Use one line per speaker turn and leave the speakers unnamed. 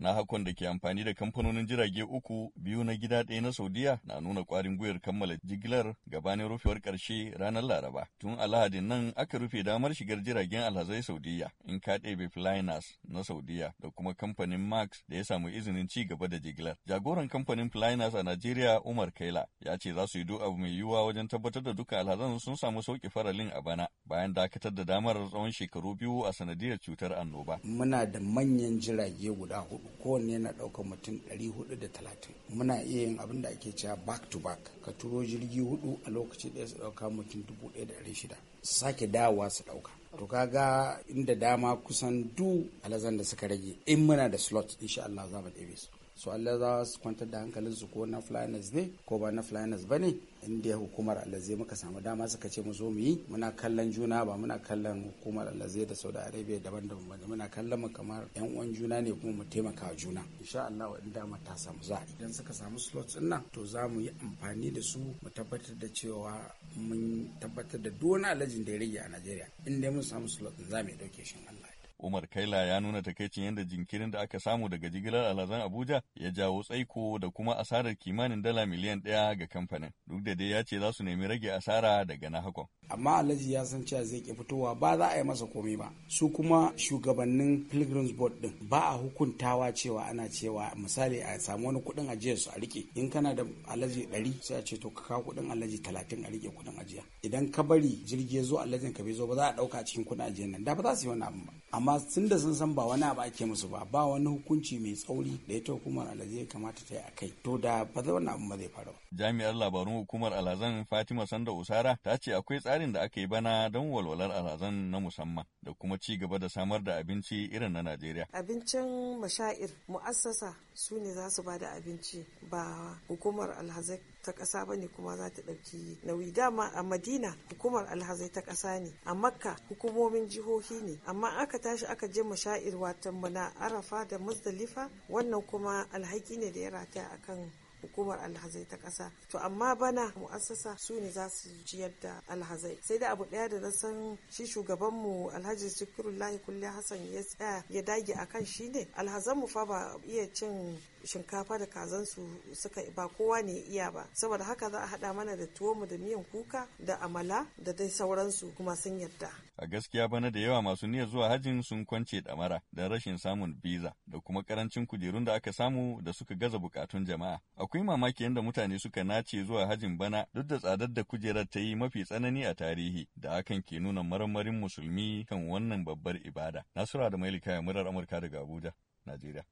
na hakon da ke amfani da kamfanonin jirage uku biyu na gida ɗaya na saudiya na nuna ƙwarin gwiwar kammala jigilar gabanin rufewar ƙarshe ranar laraba tun alhadin nan aka rufe damar shigar jiragen alhazai saudiya in ka ɗebe na saudiya da kuma kamfanin max da ya samu izinin ci gaba da jigilar jagoran kamfanin flyners a najeriya umar kaila ya ce za su yi abu mai yiwuwa wajen tabbatar da duka alhazan sun samu sauki faralin a bana bayan dakatar da damar tsawon shekaru biyu a sanadiyar cutar annoba
muna da manyan jirage guda hudu kowanne yana ɗaukar mutum 430 muna iya yin abin da ake cewa back to back ka turo jirgi hudu a lokaci ɗaya su ɗauka mutum 1,600 sake dawowa su ɗauka to kaga inda dama kusan du alazan da suka rage in muna da slot insha Allah za mu ɗebe su su Allah za su kwantar da hankalin su ko na flyers ne ko ba na flyers ba ne inda hukumar allah zai muka samu dama suka ce mu zo mu yi muna kallon juna ba muna kallon hukumar allah zai da saudi arabia daban daban ba muna kallon mu kamar yan uwan juna ne kuma mu taimaka juna insha Allah inda mu ta samu za idan suka samu slots din nan to za mu yi amfani da su mu tabbatar da cewa mun tabbatar da duk wani alajin da ya rage a Najeriya in dai mun samu slots za mu dauke shin Allah
Umar Kaila ya nuna takaicin yadda jinkirin da aka samu daga jigilar alhazan Abuja ya jawo tsaiko da kuma asarar kimanin dala miliyan ɗaya ga kamfanin. Duk da dai ya ce za su nemi rage asara daga na hakon. Amma
Alhaji ya san cewa zai ki fitowa ba za a yi masa komai ba. Su kuma shugabannin Pilgrims Board din ba a hukuntawa cewa ana cewa misali a samu wani kuɗin ajiyar su a rike. In kana da Alhaji ɗari sai a ce to ka kawo kuɗin Alhaji talatin a rike kuɗin ajiya. Idan ka bari jirgi ya zo Alhajin ka bai zo ba za a ɗauka cikin kuɗin ajiyar nan da ba za su yi wani abu ba. amma sun da sun san ba wani abu ake musu ba ba wani hukunci mai tsauri da ita hukumar alhazi ya kamata ta yi a kai to da ba zai wannan abu ba zai faru
jami'ar labarun hukumar alhazan fatima sanda usara ta ce akwai tsarin da aka yi bana don walwalar alhazan na musamman da kuma ci gaba da samar da abinci irin na najeriya
abincin mashair mu'assasa su ne za su ba da abinci ba hukumar alhazai ta ƙasa ba ne kuma za ta ɗauki nauyi dama a madina hukumar alhazai ta ƙasa ne a makka hukumomin jihohi ne amma aka tashi aka je mu watan mu na arafa da muzdalifa wannan kuma alhaki ne da ya rataya akan hukumar alhazai ta ƙasa to amma bana mu'assasa su ne za su ciyar da alhazai sai da abu ɗaya da na san shi shugabanmu alhaji zikirullahi kulli hassan ya tsaya ya dage a kan shi ne alhazan mu fa ba iya cin shinkafa da kazansu suka ba kowa ne iya ba saboda haka za a haɗa mana da mu da miyan kuka da amala da dai sauransu kuma sun yarda
a gaskiya bana da yawa masu niyyar zuwa hajjin sun kwance damara da rashin samun biza da kuma karancin kujerun da aka samu da suka gaza bukatun jama'a Akwai mamaki yadda mutane suka nace zuwa hajin bana duk da tsadar da kujerar ta yi mafi tsanani a tarihi da hakan ke nuna marmarin musulmi kan wannan babbar ibada. Nasura da Mailika ya murar Amurka daga Abuja, Najeriya.